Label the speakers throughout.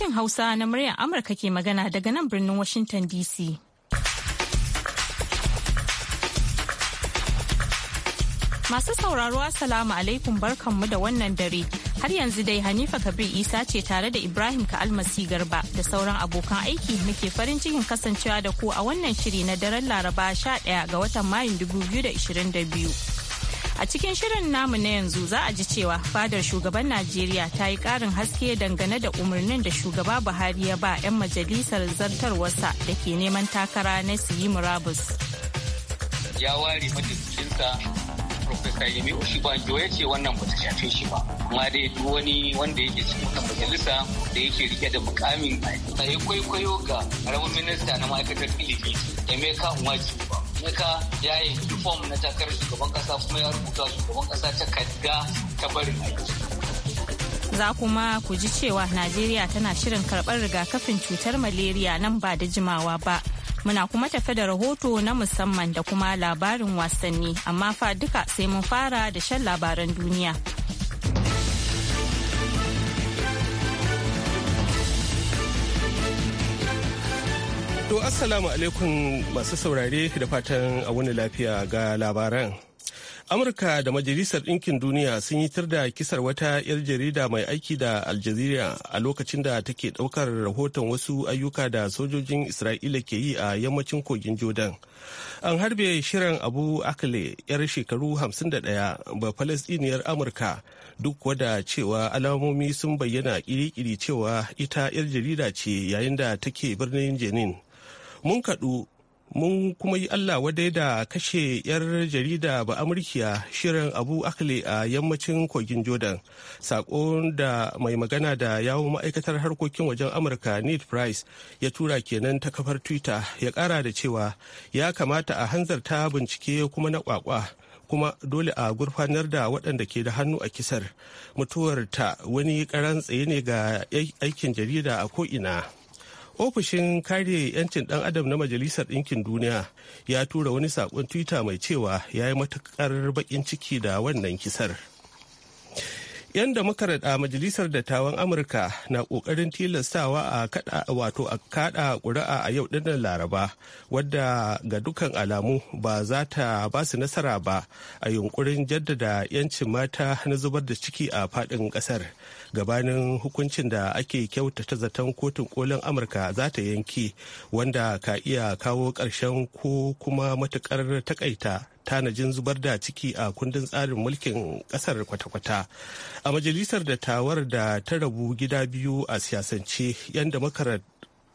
Speaker 1: sashen Hausa na muryar Amurka ke magana daga nan birnin Washington DC. Masu sauraro Assalamu alaikum barkanmu da wannan dare. Har yanzu dai Hanifa Kabir Isa ce tare da Ibrahim Ka'almasi Garba da sauran abokan aiki muke farin cikin kasancewa da ku a wannan shiri na daren Laraba 11 ga watan Mayun 2022. A cikin shirin namu na yanzu za a ji cewa fadar shugaban Najeriya ta yi ƙarin haske dangane da umarnin da shugaba Buhari ya ba 'yan majalisar zartarwarsa da ke neman takara na siyi murabus.
Speaker 2: Ya ware majalisinsa Profesa Yemi Oshibanjo ya ce wannan ba ta shafe shi ba. Amma dai duk wani wanda yake cikin kan majalisa da yake rike da mukamin a kwaikwayo ga ƙaramin minista na ma'aikatar ilimi ka, Nwaji ba. nika ya yi fom na takarar shugaban kasa kuma ya rubuta shugaban kasa ta takarda ta barin
Speaker 1: za kuma ku ji cewa najeriya tana shirin karɓar rigakafin cutar malaria nan ba da jimawa ba muna kuma tafe da rahoto na musamman da kuma labarin wasanni amma fa duka sai mun fara da shan labaran duniya.
Speaker 3: To Assalamu alaikum masu saurare da fatan a wani lafiya ga labaran. Amurka da Majalisar Ɗinkin Duniya sun yi tar da kisar wata 'yar jarida mai aiki da Aljazeera a lokacin da take ɗaukar rahoton wasu ayyuka da sojojin Isra'ila ke yi a yammacin kogin Jordan. An harbe shirin Abu Akle 'yar shekaru 51 ba Falasɗiniyar Amurka duk wada cewa alamomi sun bayyana ƙiri iri cewa ita 'yar jarida ce yayin da take birnin Jenin. mun kaɗu mun kuma yi Allah wadai da kashe 'yar jarida ba amurkiya shirin abu akle a yammacin kogin jordan saƙon da mai magana da yawon ma'aikatar harkokin wajen amurka ned price ya tura kenan ta kafar twitter ya ƙara da cewa ya kamata a hanzarta bincike kuma na kwakwa kuma dole a gurfanar da waɗanda ke da hannu a kisar mutuwar ta wani karan tsaye ne ga aikin jarida a ko'ina. ofishin kare 'yancin ɗan adam na majalisar ɗinkin duniya ya tura wani saƙon twitter mai cewa ya yi matuƙar baƙin ciki da wannan kisar. yan da majalisar dattawan amurka na kokarin tilastawa a kada wato a kada ƙuri'a a yau dinnan laraba wadda ga dukkan alamu ba za ta ba su nasara ba a yunkurin jaddada yancin mata na zubar da ciki a fadin kasar gabanin hukuncin da ake kyautata zaton kotun kolin amurka za ta yanki wanda ka iya kawo ƙarshen ko kuma matukar takaita tanajin zubar da ciki a kundin tsarin mulkin kasar kwata-kwata a majalisar da tawar da ta rabu gida biyu a siyasance yan makarar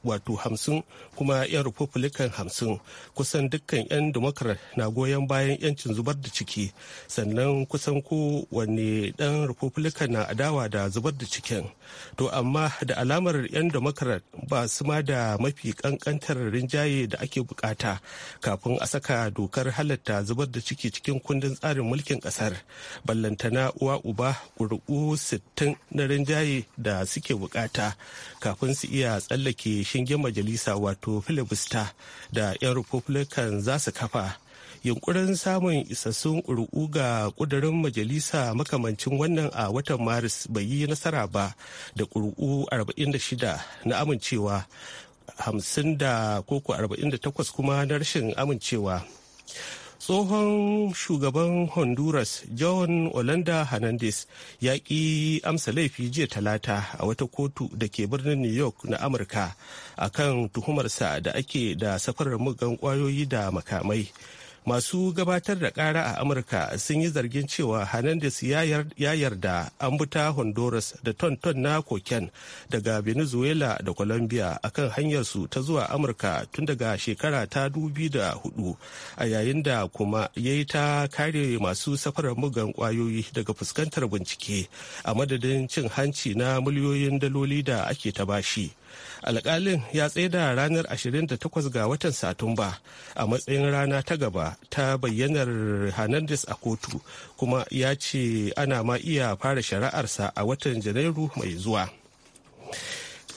Speaker 3: wato hamsin kuma 'yan republican hamsin kusan dukkan 'yan democrat na goyon bayan 'yancin zubar da ciki sannan kusan kowane dan republican na adawa da zubar da cikin to amma da alamar 'yan democrat ba su ma da mafi kankantar rinjaye da ake bukata kafin a saka dokar halatta zubar da ciki cikin kundin tsarin mulkin kasar ballantana uwa uba 60 na rinjaye da suke bukata kafin su iya tsallake shingen majalisa wato filibista da 'yan republican za su kafa yunkurin samun isassun ƙuri'u ga ƙudurin majalisa makamancin wannan a watan maris bai yi nasara ba da ƙuri'u 46 na amincewa 50 da koko 48 kuma na rashin amincewa tsohon shugaban honduras john olanda hernandez ya ƙi amsa laifi jiya talata a wata kotu da ke birnin new york na amurka akan tuhumarsa da ake da safarar mugan kwayoyi da makamai masu gabatar da kara a amurka sun yi zargin cewa hernandez ya yarda an buta honduras da ton-ton na koken daga venezuela da colombia akan hanyarsu ta zuwa amurka tun daga shekara ta dubi da hudu a yayin da kuma ya yi ta kare masu safarar mugan kwayoyi daga fuskantar bincike a madadin cin hanci na miliyoyin daloli da ake ta bashi. alƙalin ya tsaida ranar 28 ga watan satumba a matsayin rana ta gaba ta bayyanar hernandez a kotu kuma ya ce ana ma iya fara shari'arsa a watan janairu mai zuwa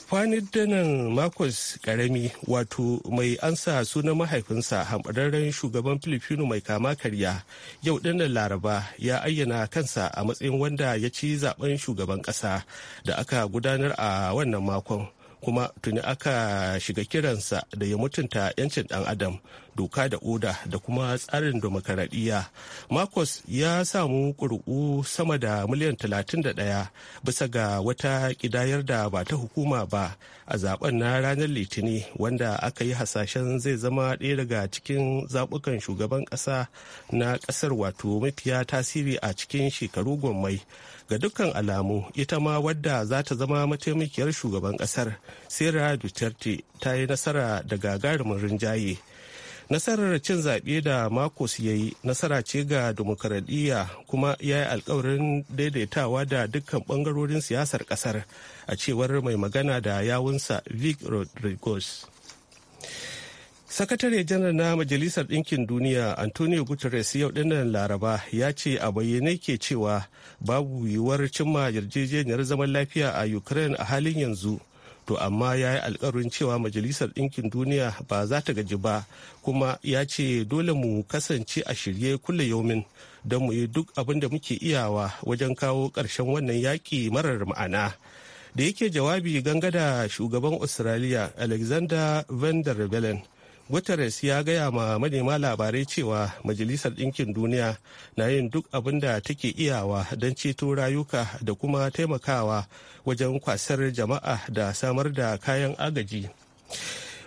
Speaker 3: fanidanan marcus Karami wato mai ansa sunan mahaifinsa hamɓararren shugaban Filifino mai kama karya yau dinnan Laraba ya ayyana kansa a matsayin wanda ya ci zaben shugaban ƙasa da aka gudanar a wannan makon kuma tuni aka shiga kiransa da ya mutunta 'yancin ɗan adam doka da oda da kuma tsarin demokaradiyya marcos ya samu ƙuri'u sama da miliyan 31 bisa ga wata ƙidayar da ba ta hukuma ba a zaben na ranar litini wanda aka yi hasashen zai zama ɗaya daga cikin zaɓukan shugaban ƙasa na ƙasar wato mafiya tasiri a cikin shekaru gwammai ga dukkan alamu ita ma wadda za ta zama mataimakiyar shugaban ƙasar sarah duterte ta yi nasara da gagarumin rinjaye nasarar cin zaɓe da makos ya yi nasara ce ga demokaradiyya kuma ya yi alkawarin daidaitawa da dukkan bangarorin siyasar ƙasar a cewar mai magana da yawunsa vic rodriguez sakatare janar na majalisar ɗinkin duniya antonio guterres yau ɗinnan laraba ya ce a bayyane ke cewa babu yiwuwar cimma yarjejeniyar zaman lafiya a ukraine a halin yanzu to amma ya yi alkarin cewa majalisar ɗinkin duniya ba za ta gaji ba kuma ya ce dole mu kasance a shirye kulle yaumin don mu yi duk abin da muke iyawa wajen kawo ƙarshen wannan yaƙi marar ma'ana da yake jawabi gangada shugaban australia alexander van der bellen guterres ya gaya ma manema labarai cewa majalisar ɗinkin duniya na yin duk abin da take iyawa don ceto rayuka da kuma taimakawa wajen kwasar jama'a da samar da kayan agaji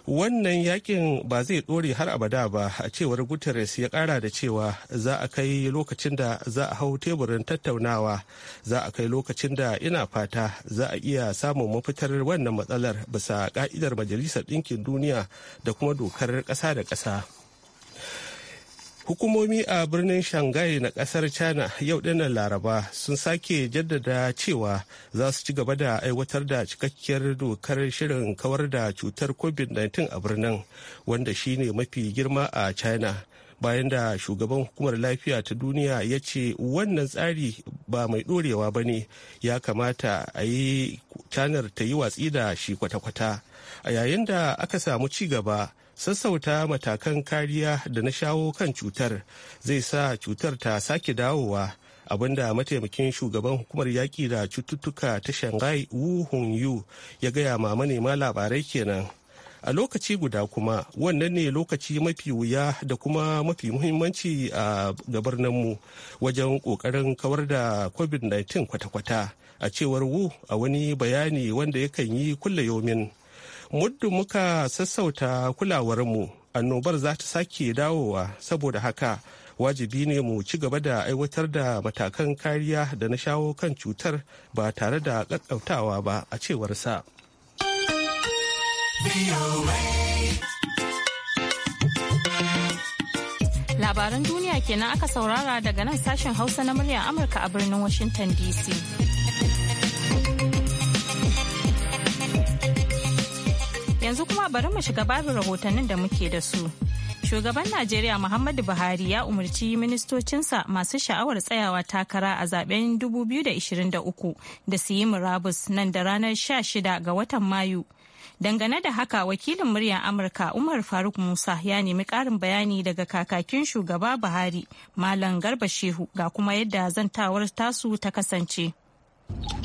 Speaker 3: wannan yakin ba zai dore har abada ba a cewar guterres ya kara da cewa za a kai lokacin da za a hau teburin tattaunawa za a kai lokacin da ina fata za a iya samun mafitar wannan matsalar bisa ka'idar majalisar ɗinkin duniya da kuma dokar ƙasa da ƙasa hukumomi a birnin shanghai na kasar china yau dinnan laraba sun sake jaddada cewa za su ci gaba da aiwatar da cikakkiyar dokar shirin kawar da cutar covid-19 a birnin wanda shine mafi girma a china bayan da shugaban hukumar lafiya ta duniya ya ce wannan tsari ba mai dorewa ba ne ya kamata a yi canar ta yi watsi da shi kwata-kwata a yayin da aka samu ci gaba sassauta matakan kariya da na shawo kan cutar zai sa cutar ta sake dawowa abinda mataimakin shugaban hukumar yaƙi da cututtuka ta shanghai wu yu ya gaya ma manema labarai kenan a lokaci guda kuma wannan ne lokaci mafi wuya da kuma mafi muhimmanci a gabarnan mu wajen ƙoƙarin kawar da covid-19 kwata-kwata a cewar wu a wani bayani wanda yakan yi kulle yomin Muddu muka sassauta kulawarmu annobar za ta sake dawowa saboda haka wajibi ne mu ci gaba da aiwatar da matakan kariya da na shawo kan cutar ba tare da ƙaƙƙautawa ba a cewar sa.
Speaker 1: Labaran duniya kenan aka saurara daga nan sashen Hausa na muryar Amurka a birnin Washington DC. yanzu kuma bari mu shiga babin rahotannin da muke da su. Shugaban Najeriya Muhammadu Buhari ya umarci ministocinsa masu sha'awar tsayawa takara a zaben 2023 da su yi murabus nan da ranar 16 ga watan Mayu. Dangane da haka wakilin muryar Amurka Umar Faruk Musa ya nemi ƙarin bayani daga kakakin shugaba Buhari Malam Garba Shehu ga kuma yadda zantawar tasu ta kasance.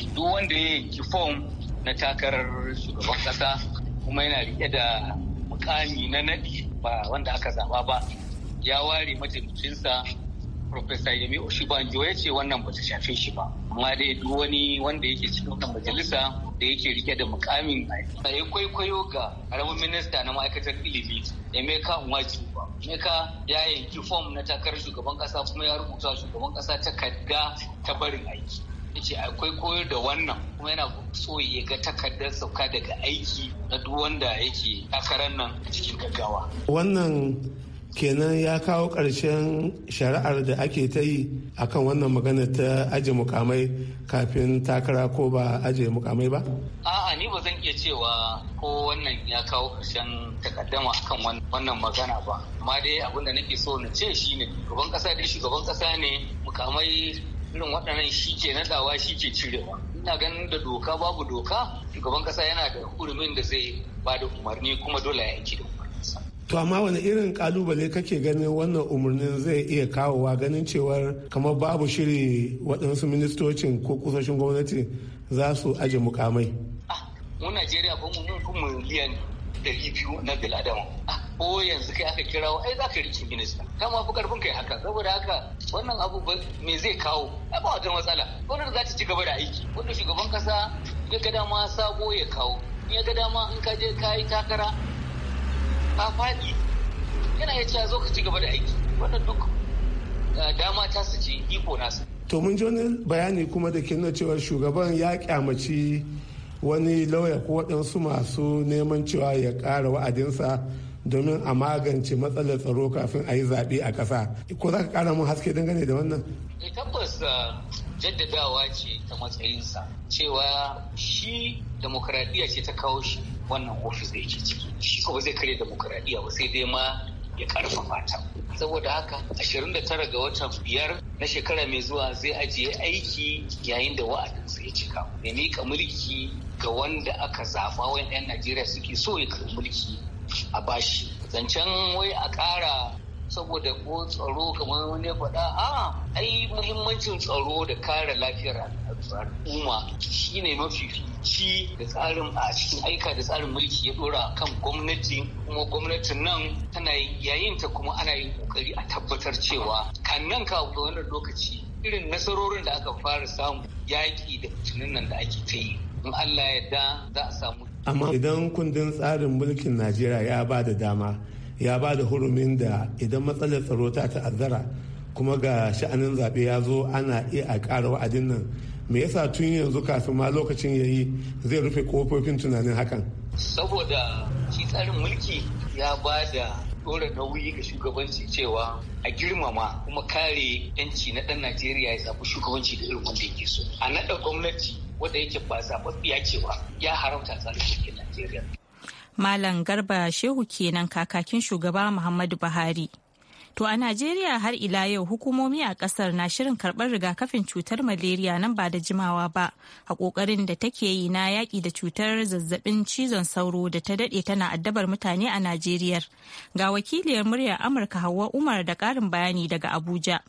Speaker 4: Duk wanda ya
Speaker 2: yi na takarar shugaban kasa. kuma yana riƙe da mukami na naɗi ba wanda aka zaba ba ya ware majalisinsa Profesa Yemi Oshibanjo ya ce wannan ba ta shafe shi ba. Amma dai duk wani wanda yake cikin wannan majalisa da yake rike da mukamin ya kwaikwayo ga karamin minista na ma'aikatar ilimi Emeka Nwajuba. Emeka ya yanki fom na takarar shugaban kasa kuma ya rubuta shugaban kasa takarda ta barin aiki. yace akwai koyar da wannan kuma yana so ya ga takardar sauka daga aiki na duk wanda yake takarar nan a cikin gaggawa
Speaker 5: wannan kenan ya kawo ƙarshen shari'ar da ake ta yi akan wannan magana ta aje mukamai kafin takara ko ba aje mukamai ba?
Speaker 2: A'a ni ba zan iya cewa ko wannan ya kawo ƙarshen takaddama akan wannan magana ba. Amma dai abin da nake so na ce shine shugaban ƙasa dai shugaban ƙasa ne mukamai irin waɗannan shi ke nadawa shi ke cirewa ina ganin da doka babu doka shugaban kasa yana da hurumin da zai ba da umarni kuma dole ya aiki da umarninsa
Speaker 5: to amma wani irin kalubale kake ganin wannan umarnin zai iya kawowa ganin cewar kamar babu shiri waɗansu ministocin ko kusoshin gwamnati za su aje mukamai
Speaker 2: mu najeriya ba mu ne. ɗari biyu na biladama ah, ko yanzu kai aka kira ai za ka rike minista kama fi karfin kai haka saboda haka wannan abu me zai kawo a ba wata matsala gwamnati za ta ci gaba da aiki wanda shugaban kasa ya ga dama sabo ya kawo ya ga dama in ka je ka yi takara ka faɗi yana ya cewa zo ka ci gaba da aiki wannan duk eh, dama ta su ci iko nasu
Speaker 5: to mun ji wani bayani kuma da ke nuna cewa shugaban ya kyamaci wani lauya ko waɗansu masu neman cewa ya ƙara wa'adinsa domin a magance matsalar tsaro kafin a yi zaɓe a ƙasa. Ko za ka ƙara mun haske dangane da wannan? Eh, tabbas ah,
Speaker 2: jaddadawa ce ta matsayinsa cewa shi demokradiyya ce ta kawo shi wannan ofis da yake ciki. Shi ko ba zai karya demokradiyya ba sai dai ma ya karfafa ta saboda haka tara ga watan biyar na shekara mai zuwa zai ajiye aiki yayin da wa'adinsa ya cika ya miƙa mulki ga wanda aka zaɓa wani 'yan najeriya suke so ya karɓi mulki a bashi zancen wai a ƙara saboda ko tsaro kamar wani faɗa a ah, ai muhimmancin tsaro da kare lafiyar al'umma shine mafi fici da tsarin a cikin aika da tsarin mulki ya dora kan gwamnati kuma gwamnatin nan tana yayin ta kuma ana yin kokari a tabbatar cewa kan nan ka wannan lokaci irin nasarorin da aka fara samu yaƙi da fitinin nan da ake ta yi in Allah ya da za a samu amma
Speaker 5: idan kundin tsarin mulkin Najeriya ya ba da dama ya ba da hurumin da idan matsalar tsaro ta ta'azzara kuma ga sha'anin zaɓe ya zo ana iya a ƙara wa'adin nan me yasa tun yanzu kafin ma lokacin ya yi zai rufe kofofin tunanin hakan
Speaker 2: saboda shi tsarin mulki ya ba da ɗora nauyi ga shugabanci cewa a girmama kuma kare yanci na ɗan najeriya ya zaɓi shugabanci da irin wanda yake so a naɗa gwamnati wanda yake ba zaɓaɓɓiya cewa ya haramta tsarin mulkin najeriya
Speaker 1: Malam Garba Shehu kenan kakakin shugaba Muhammadu Buhari. To a Najeriya har ila yau hukumomi a kasar na shirin karbar rigakafin cutar malaria nan ba da jimawa ba a kokarin da take yi na yaƙi da cutar zazzabin cizon sauro da ta daɗe tana addabar mutane a Najeriya. Ga wakiliyar muryar Amurka Hauwa Umar da ƙarin bayani daga Abuja.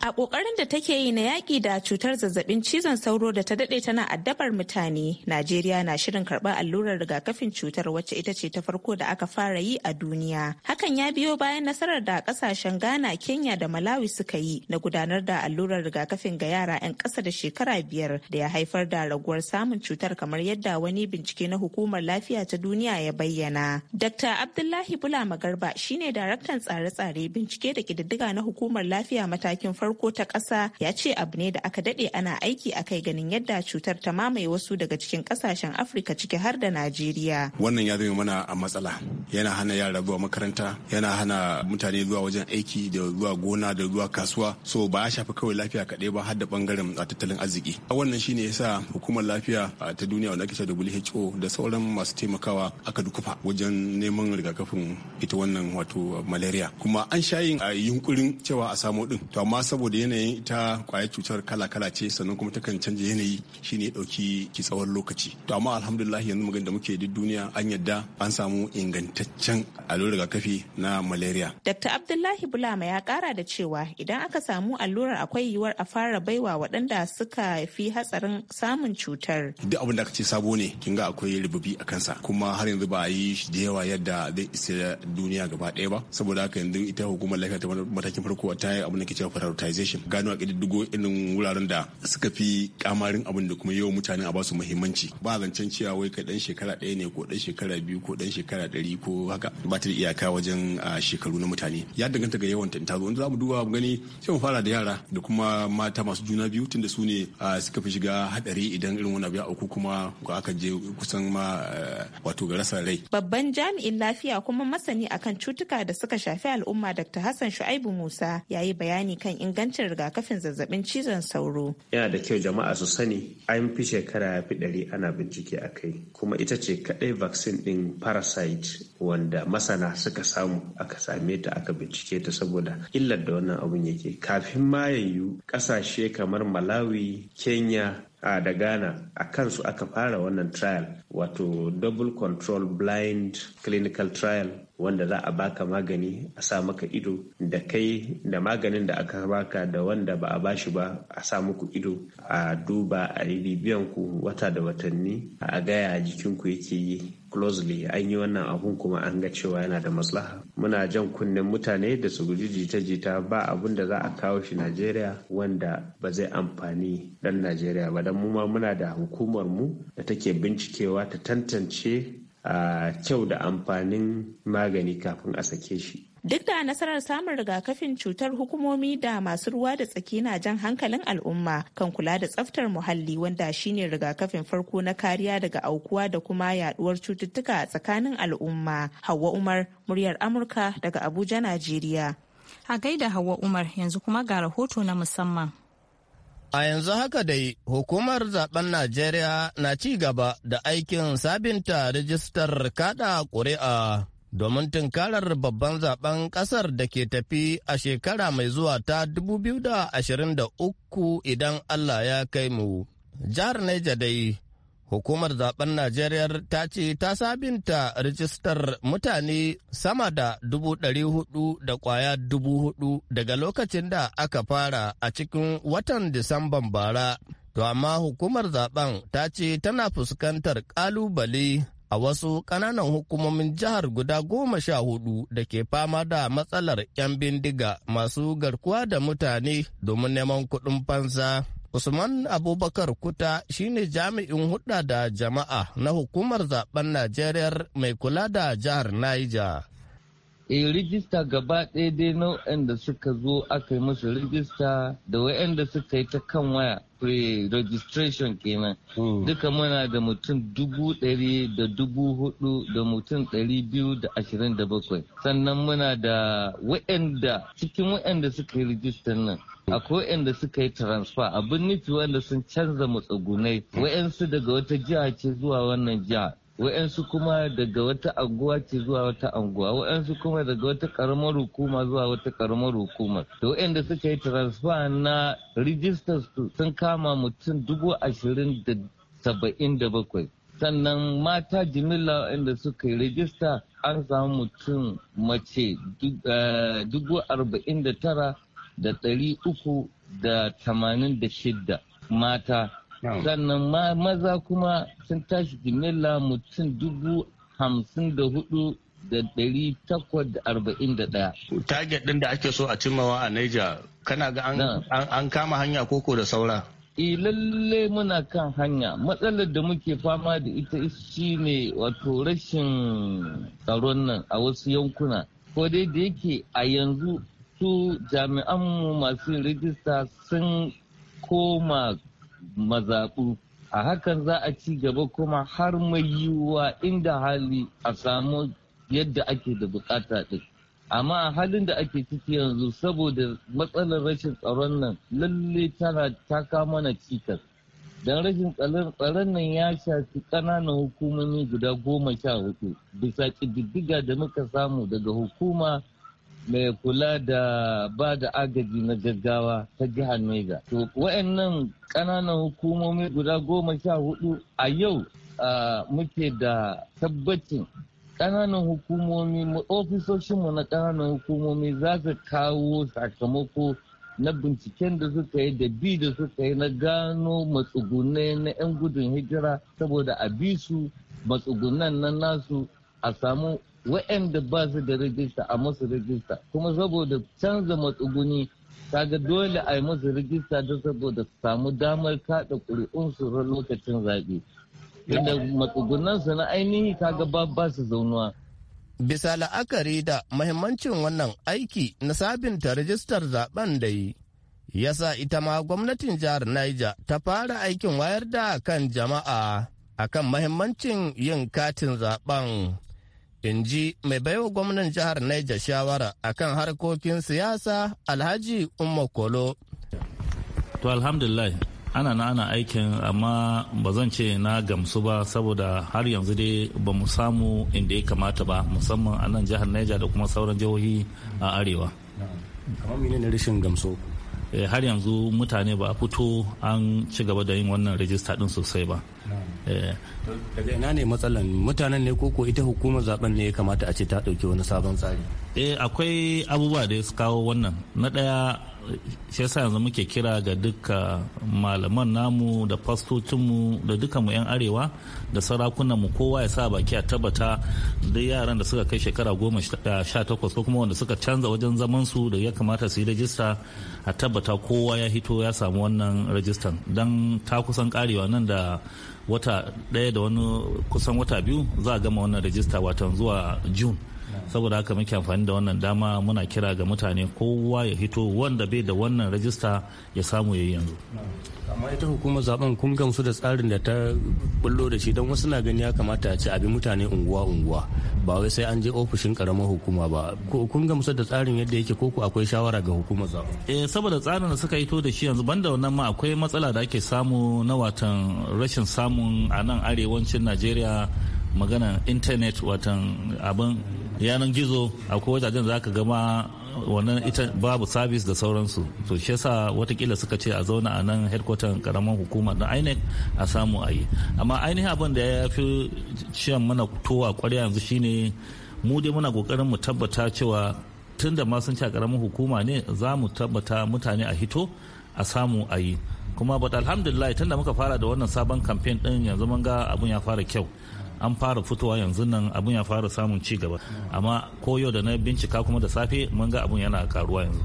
Speaker 6: a kokarin da take yi na yaƙi da cutar zazzabin cizon sauro da ta daɗe tana addabar mutane najeriya na shirin karɓar allurar rigakafin cutar wacce ita ce ta farko da aka fara yi a duniya hakan ya biyo bayan nasarar da ƙasashen ghana kenya da malawi suka yi na gudanar da allurar rigakafin ga yara 'yan ƙasa da shekara biyar da ya haifar da raguwar samun cutar kamar yadda wani bincike na hukumar lafiya ta duniya ya bayyana dr abdullahi bula magarba shine daraktan tsare-tsare bincike da ƙididdiga na hukumar lafiya matakin farko farko ta ƙasa ya ce abu ne da aka daɗe ana aiki a kai ganin yadda cutar ta mamaye wasu daga cikin ƙasashen Afirka ciki har da Najeriya.
Speaker 7: Wannan ya zama mana a matsala. Yana hana yara zuwa makaranta, yana hana mutane zuwa wajen aiki da zuwa gona da zuwa kasuwa. So ba ya shafi kawai lafiya kaɗai ba har da ɓangaren tattalin arziki. Wannan shine yasa hukumar lafiya ta duniya wanda ake WHO da sauran masu taimakawa aka dukufa wajen neman rigakafin ita wannan wato malaria. Kuma an sha yin yunkurin cewa a samo ɗin. To amma saboda yanayin ita kwayar cutar kala-kala ce sannan kuma takan canja yanayi shine ya dauki ki tsawon lokaci to amma alhamdulillah yanzu magana da muke duk duniya an yadda an samu ingantaccen allurar kafi na malaria
Speaker 6: dr abdullahi bulama ya kara da cewa idan aka samu allurar akwai yiwuwar a fara baiwa waɗanda suka fi hatsarin samun cutar duk
Speaker 7: abin da aka ce sabo ne kin ga akwai rububi a kansa kuma har yanzu ba a yi shi da yawa yadda zai isa duniya gaba ɗaya ba saboda haka yanzu ita hukumar lafiya ta matakin farko ta yi abin da ke cewa farar sensitization gano a ƙididdigo irin wuraren da suka fi kamarin abin da kuma yawan mutane a basu muhimmanci ba zancen cewa wai kai dan shekara ɗaya ne ko dan shekara biyu ko dan shekara ɗari ko haka ba ta iyaka wajen ah, shekaru na mutane ya danganta ga yawan ta tazo wanda za mu duba mu gani sai mu fara da yara da kuma mata masu juna biyu tunda su ne ah, suka fi shiga haɗari idan irin wani abu ya auku kuma aka je kusan ma eh, wato ga rasa rai
Speaker 6: babban jami'in lafiya kuma masani akan cutuka da suka shafi al'umma dr hassan shu'aibu musa yayi bayani kan ingancin ingancin rigakafin zazzabin cizon sauro.
Speaker 8: Yana da kyau jama'a su sani an fi shekara ya fi ɗari ana bincike a kai kuma ita ce kaɗai vaccine ɗin parasite wanda masana suka samu aka same ta aka bincike ta saboda illar da wannan abun yake kafin ma yayyu ƙasashe kamar Malawi, Kenya, da ghana a kansu aka fara wannan trial wato double control blind clinical trial wanda za a baka magani a sa maka ido da kai da maganin da aka baka da wanda ba a bashi ba a sa muku ido a duba a ku wata da watanni a gaya jikinku yake yi closely an yi wannan abun kuma an ga cewa yana da maslaha muna jan kunnen mutane da su guji jita-jita ba abun da za a kawo shi najeriya wanda ba zai amfani dan najeriya ba don mu ma muna da hukumar mu da take bincikewa ta tantance a ah, kyau da amfanin magani kafin a sake shi
Speaker 6: Duk da nasarar samun rigakafin cutar hukumomi da masu ruwa da tsaki na jan hankalin al'umma kan kula da tsaftar muhalli wanda shine rigakafin farko na kariya daga aukuwa da kuma yaduwar cututtuka a tsakanin al'umma. Hauwa Umar, muryar Amurka daga Abuja, Najeriya. A gaida Hauwa Umar yanzu kuma ga rahoto na musamman.
Speaker 9: A yanzu haka dai, hukumar zaben Najeriya na ci gaba da aikin sabinta rijistar kada ƙuri'a. domin tunkarar babban zaben kasar da ke tafi a shekara mai zuwa ta 2023 idan Allah ya kai mu. Jihar Niger dai, hukumar zaben Najeriya ta ce ta sabinta rijistar mutane sama da 400 da kwaya 400 daga lokacin da aka fara a cikin watan Disamban bara. To amma hukumar zaben ta ce tana fuskantar ƙalubale a wasu ƙananan hukumomin jihar guda goma sha hudu da ke fama da matsalar 'yan bindiga masu garkuwa da mutane domin neman kuɗin fansa. Usman Abubakar Kuta shine jami'in hudda da jama'a na hukumar zaben Najeriya mai kula da jihar Niger.
Speaker 4: E rijista gaba ɗaya dai nau'in da suka zo aka yi musu rijista da wa'anda suka yi ta kan waya pre-registration kenan hmm. duka muna da mutum dubu ɗari da dubu hudu da mutum ɗari biyu da ashirin da bakwai sannan muna da wa'anda cikin wa'anda suka yi rijistar nan akwai wa'anda suka yi transfer abin nufi wanda sun canza matsugunai wa'ansu daga wata jiha ce zuwa wannan jiha wa'yansu kuma daga wata anguwa ce zuwa wata anguwa wa'yansu kuma daga wata karamar hukuma zuwa wata karamar hukuma to wa'yanda suka yi transfer na rijistar sun kama mutum dubu ashirin da saba'in da bakwai sannan mata jimilla wa'yanda suka yi rijista an samu mutum mace eh, dubu arba'in da tara da ɗari uku da tamanin da shidda mata sannan maza kuma sun tashi jimilla mutum dubu hamsin da hudu da dari takwas da arba'in da ɗaya.
Speaker 9: target ɗin da ake so a cimmawa a Niger kana ga an kama hanya koko da saura
Speaker 4: e lalle muna kan hanya matsalar da muke fama da ita shine wato rashin tsaron nan a wasu yankuna ko dai da yake a yanzu su jami'anmu masu rijista sun koma mazaɓu a hakan za a ci gaba kuma har mai yiwuwa inda hali a samu yadda ake da bukata ɗin amma a halin da ake ciki yanzu saboda matsalar rashin tsaron nan lalle tana taka mana cikas don rashin tsaron nan ya shafi ƙananan hukumomi guda goma sha hudu bisa ƙididdiga da muka samu daga hukuma mai kula da ba da agaji na gaggawa ta jihar Niger. To wa'annan ƙananan hukumomi guda goma sha hudu a yau muke da tabbacin ƙananan hukumomi ofisoshinmu na ƙananan hukumomi za su kawo sakamako na binciken da suka yi da bi da suka yi na gano matsugunai na 'yan gudun hijira saboda a bi su matsugunan nan nasu a samu wa'anda ba su da rijista a musu rijista kuma saboda canza matsuguni kaga dole a yi musu rijista don saboda samu damar kada ƙuri'unsu lokacin zaɓe inda matsugunansu na ainihi kaga ba su zaunuwa bisa la'akari
Speaker 9: da mahimmancin wannan aiki na sabinta rijistar zaben da yi ya sa ita ma gwamnatin jihar Niger ta fara aikin wayar da kan jama'a akan mahimmancin yin katin zaben in ji mai baiwa gwamnan jihar Niger shawara akan harkokin siyasa Alhaji Umma Kolo.
Speaker 10: To alhamdulillah ana na ana aikin amma ba zan ce na gamsu ba saboda har yanzu dai ba mu samu inda ya kamata ba musamman a nan jihar Niger da kuma sauran jihohi a arewa.
Speaker 9: Kamar rashin gamsu?
Speaker 10: Eh, har yanzu mutane ba a fito an ci gaba da yin wannan rajista din sosai ba Eh.
Speaker 9: daga ina ne matsalan mutanen ne koko ita hukumar zaben ne ya kamata a ce ta ɗauki wani sabon
Speaker 2: tsari
Speaker 10: eh akwai abubuwa da ya su kawo wannan na ɗaya shi yasa yanzu muke kira ga duka malaman namu da fastocinmu da duka mu 'yan arewa da sarakunan mu kowa ya sa baki a tabbata da yaran da suka kai shekara goma eh, sha takwas ko kuma wanda suka canza wajen zaman su da ya kamata su yi rajista a tabbata kowa ya hito ya samu wannan rajistan don ta kusan karewa nan da wata ɗaya da wani kusan wata biyu za a gama wannan rajista watan zuwa june saboda haka muke amfani da wannan dama muna kira ga mutane kowa ya hito wanda bai da wannan rajista
Speaker 9: ya samu ya yi yanzu amma ita hukumar zaben kun gamsu da tsarin da ta bullo da shi don wasu na gani ya kamata a ci abin mutane unguwa unguwa ba wai sai an je ofishin karamar hukuma ba kun gamsu da tsarin yadda yake ko ku akwai shawara ga hukumar zaben
Speaker 10: eh saboda tsarin da suka hito da shi yanzu banda wannan ma akwai matsala da ake samu na watan rashin samun a nan arewacin Najeriya magana intanet watan abin yanar gizo akwai wajajen za ka gama wannan ita babu sabis da sauransu to shi yasa watakila suka ce a zauna a nan headquarter karamar hukumar na inec a samu a amma ainihin abin da ya fi ciyan mana towa kwarya yanzu shine mu dai muna kokarin mu tabbata cewa tun da ma sun ci a karamin hukuma ne za mu tabbata mutane a hito a samu a yi kuma but alhamdulillah tun da muka fara da wannan sabon kamfen din yanzu mun ga abun ya fara kyau an fara fitowa yanzu nan abun ya fara samun ci gaba amma koyo
Speaker 9: da na bincika kuma da safe mun ga abun yana karuwa yanzu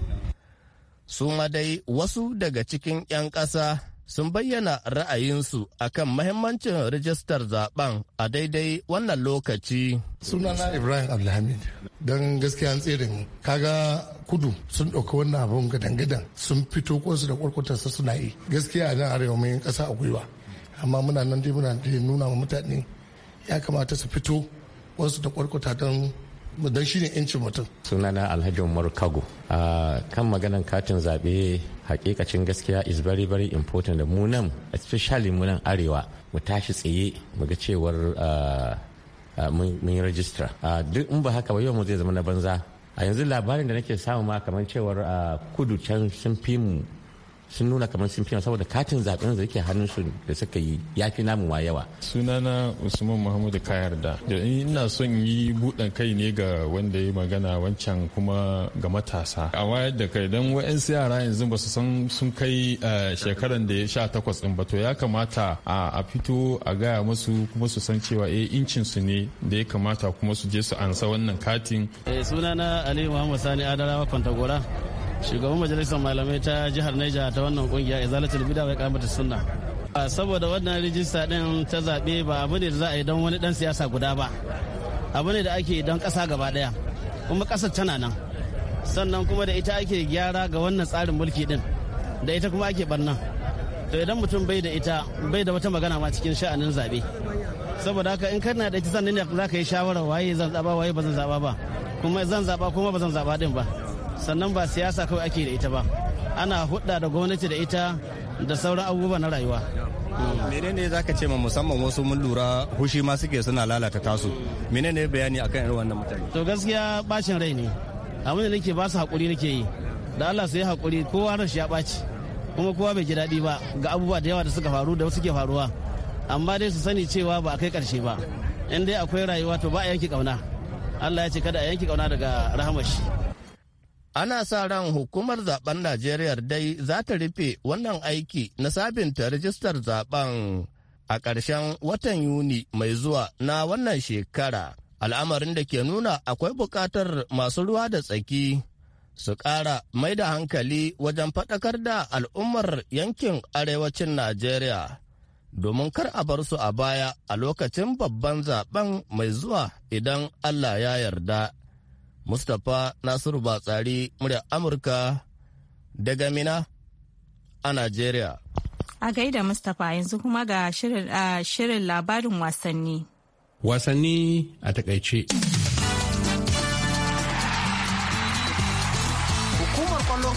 Speaker 9: su dai wasu daga cikin 'yan ƙasa sun bayyana ra'ayinsu akan mahimmancin rijistar zaben a daidai wannan lokaci. sunana ibrahim abdulhamid
Speaker 5: don gaskiya an kaga kudu sun ɗauki wannan abun gadan-gadan sun fito kwansu da kwarkwatarsa suna yi gaskiya a nan arewa mai kasa a gwiwa amma muna nan dai muna nuna ma mutane ya kamata su fito wasu da kwarkwata don don shi ne
Speaker 8: yancin mutum. sunana alhaji umar kago a kan maganan katin zaɓe hakikacin gaskiya is very very important da munan especially munan arewa mu tashi tsaye mu ga cewar mun yi duk in ba haka ba yau mu zai zama na banza a yanzu labarin da nake samu ma kamar cewar kudu can sun fi mu sun nuna kamar sun fiye saboda katin zaben da yake su da suka yi ya fi namu ma yawa
Speaker 7: sunana usman muhammadu kayarda da ina son yi buɗan kai ne ga wanda ya magana wancan kuma ga matasa a wayar da kai don wa'yansu yara yanzu ba su san sun kai eh, shekaran da ya sha takwas ɗin ba to ya kamata a fito a gaya musu kuma su san cewa eh incin su ne da ya kamata kuma su je su ansa wannan katin
Speaker 11: eh, sunana ali muhammad sani adarawa kwantagora shugaban majalisar malamai ta jihar Naija ta wannan kungiya Izalatul Bid'a bai Iqamatu Sunna. Saboda wannan rijista din ta zaɓe ba abu ne da za a yi don wani dan siyasa guda ba. Abu ne da ake don kasa gaba daya. Kuma kasar tana nan. Sannan kuma da ita ake gyara ga wannan tsarin mulki din. Da ita kuma ake barna. To idan mutum bai da ita bai da wata magana ma cikin sha'anin zaɓe Saboda haka in kana da ita sannan ne za ka yi shawara waye zan zaɓa waye ba zan zaɓa ba. Kuma zan zaɓa kuma ba zan zaɓa din ba. sannan ba siyasa kawai ake da ita ba ana hudda da gwamnati da ita da sauran abubuwa na rayuwa
Speaker 9: menene za ka ce ma musamman wasu mun lura hushi ma suke suna lalata tasu menene bayani akan irin wannan mutane to gaskiya
Speaker 11: bacin rai ne abin da nake ba su hakuri nake yi da Allah su yi hakuri kowa ran shi ya baci kuma kowa bai ji daɗi ba ga abubuwa da yawa da suka faru da suke faruwa amma dai su sani cewa ba a kai karshe ba in dai akwai rayuwa to ba a yanki kauna Allah ya ce kada a yanki kauna
Speaker 9: daga rahamar shi ana sa ran hukumar zaben najeriya dai za ta rufe wannan aiki na sabinta rijistar zaben a ƙarshen watan yuni mai zuwa na wannan shekara al'amarin da ke nuna akwai buƙatar masu ruwa da tsaki su ƙara mai da hankali wajen faɗakar da al'ummar yankin arewacin najeriya domin kar a bar su a baya a lokacin babban zaben mai zuwa idan allah ya yarda Mustapha Nasiru Batsari murya Amurka daga Mina a Najeriya.
Speaker 1: A gaida Mustapha yanzu kuma ga shirin labarin wasanni.
Speaker 9: Wasanni a takaice.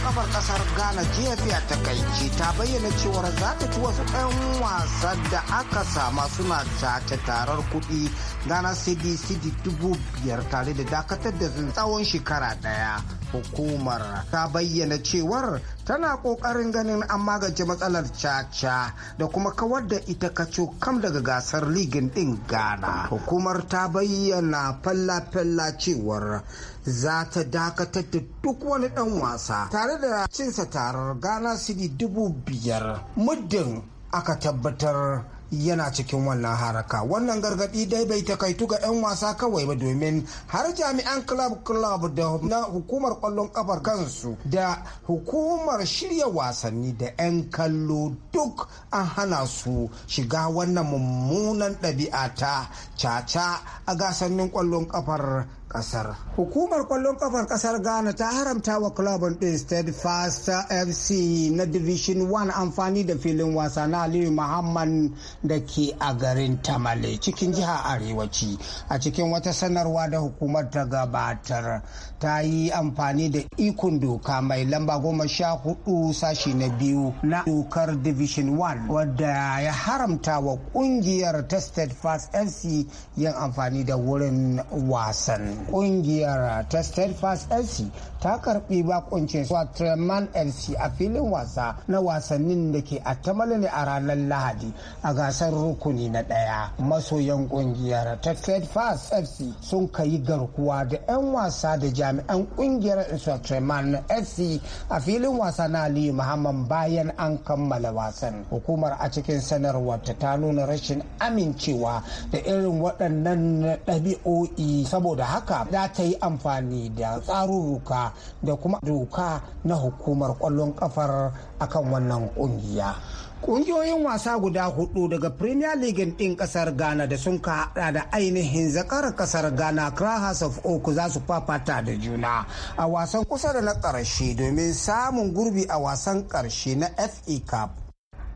Speaker 1: kafar kasar ghana jiya ta
Speaker 12: kai ta bayyana cewar za ta ci wasu 'yan wasan da aka sama suna ta tarar kuɗi ghana cdc dubu biyar tare da dakatar da tsawon shekara ɗaya hukumar ta bayyana cewar tana kokarin ganin an magance matsalar caca da kuma kawar da ita kaco kam daga gasar ligin din ghana hukumar ta bayyana falla-falla cewar za ta dakatar da duk wani dan wasa tare da cinsa tarar ghana city dubu biyar muddin aka tabbatar yana cikin wannan haraka wannan gargadi dai bai takaitu ga 'yan wasa kawai ba domin har jami'an club club da na hukumar kwallon kafar kansu da hukumar shirya wasanni da 'yan kallo duk an hana su shiga wannan mummunan ɗabi'a ta caca a gasannin kwallon kafar kasar. Hukumar kwallon kafar kasar Ghana ta haramta wa kulabun ɗin Steadfast FC na Division 1 amfani da filin wasa na Aliyu Muhammad da ke a garin Tamale cikin jiha Arewaci. A cikin wata sanarwa da hukumar ta gabatar ta yi amfani da ikon doka mai lamba goma sha hudu sashi na biyu na dokar Division 1 wadda ya haramta wa kungiyar ta Steadfast FC yin amfani da wurin wasan. kungiyar ta steadfast fc ta karbi bakuncin swatman lc a filin wasa na wasannin da ke a ne a ranar lahadi a gasar rukuni na daya masoyan kungiyar ta steadfast fc sun kayi garkuwa da 'yan wasa da jami'an kungiyar swatman fc a filin wasa na aliyu muhammad bayan an kammala wasan hukumar a cikin sanarwar ta nuna rashin amincewa da irin waɗannan ɗabi'o'i saboda haka za ta yi amfani da tsaruruka da kuma doka na hukumar kwallon kafar akan wannan kungiya Ƙungiyoyin wasa guda hudu daga Premier League ɗin ƙasar Ghana da sun haɗa da ainihin zakarar ƙasar Ghana Crahas of Oak za su fafata da juna a wasan kusa da na ƙarshe domin samun gurbi a wasan ƙarshe na FA Cup.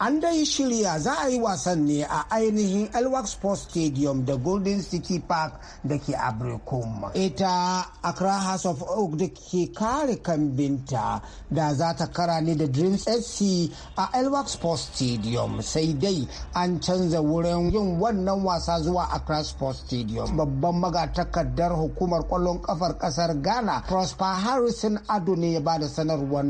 Speaker 12: An dai shirya za a yi wasan ne a ainihin Elwak Sports Stadium da Golden City Park da ke Abrikum. Ita Accra House of Oak da ke kare kambinta da za ta kara ne da Dreams SC a Elwak Sports Stadium sai dai an canza wurin yin wannan wasa zuwa Accra Sports Stadium. Babban magatakardar hukumar kwallon kafar kasar Ghana Prosper Harrison Ado ne ya ba da sanarwar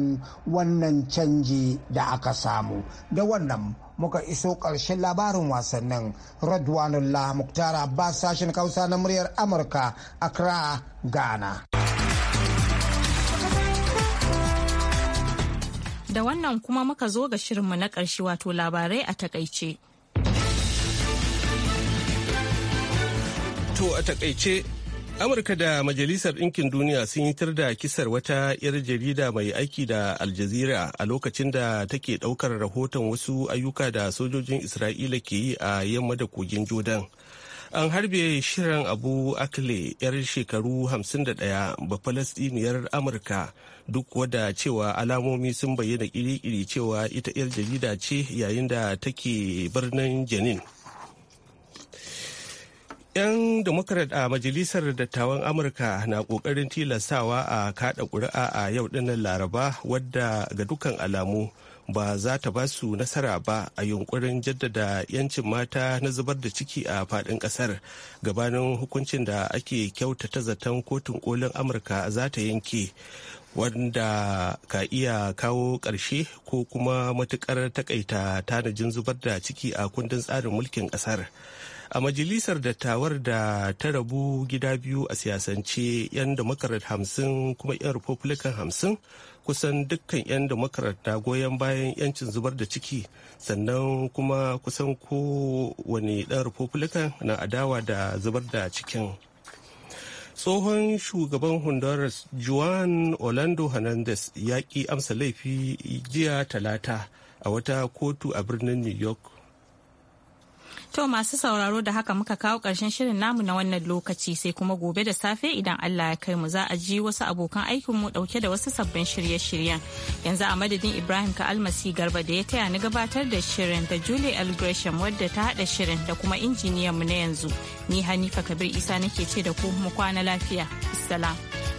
Speaker 12: wannan canji da aka samu. Da wannan muka iso ƙarshen labarin wasannin radwanullah muktar abbas sashen kausa na muryar amurka accra ghana
Speaker 1: da wannan kuma muka zo ga shirinmu na ƙarshe wato labarai a takaice
Speaker 3: to a takaice amurka da majalisar ɗinkin duniya sun yi tar da kisar wata 'yar jarida mai aiki da aljazira a lokacin da take ɗaukar rahoton wasu ayyuka da sojojin isra'ila ke yi a yamma da kogin jordan an harbe shirin abu akle 'yar shekaru 51 bafalastiniyar amurka duk wada cewa alamomi sun bayyana iri-iri cewa ita 'yar jarida ce yayin da take birnin janin. 'yan democrat a majalisar dattawan amurka na kokarin tilastawa a kada kuri'a a yau dinnan laraba wadda ga dukkan alamu ba za ta ba su nasara ba a yunkurin jaddada 'yancin mata na zubar da ciki a fadin kasar gabanin hukuncin da ake kyautata zaton kotun kolin amurka za ta yanke wanda ka iya kawo ƙarshe ko kuma matukar takaita tanajin zubar da ciki a kundin tsarin mulkin ƙasar a majalisar dattawar da ta rabu gida biyu a siyasance 'yan democrat hamsin kuma 'yan republican hamsin kusan dukkan 'yan democrat na goyon bayan 'yancin zubar da ciki sannan kuma kusan kowane ɗan republican na adawa da zubar da cikin tsohon shugaban honduras juan orlando hernandez ya ki amsa laifi jiya talata a wata kotu a birnin new york
Speaker 1: To masu sauraro da haka muka kawo ƙarshen shirin namu na wannan lokaci sai kuma gobe da safe idan Allah ya kai mu za a ji wasu abokan aikin mu ɗauke da wasu sabbin shirye-shiryen. Yanzu a madadin Ibrahim ka almasi garba da ya taya ni gabatar da shirin da Julie L. Gresham wadda ta haɗa shirin da kuma injiniyan mu na yanzu. Ni Hanifa Kabir Isa nake ce da ku mu kwana lafiya. Assalam.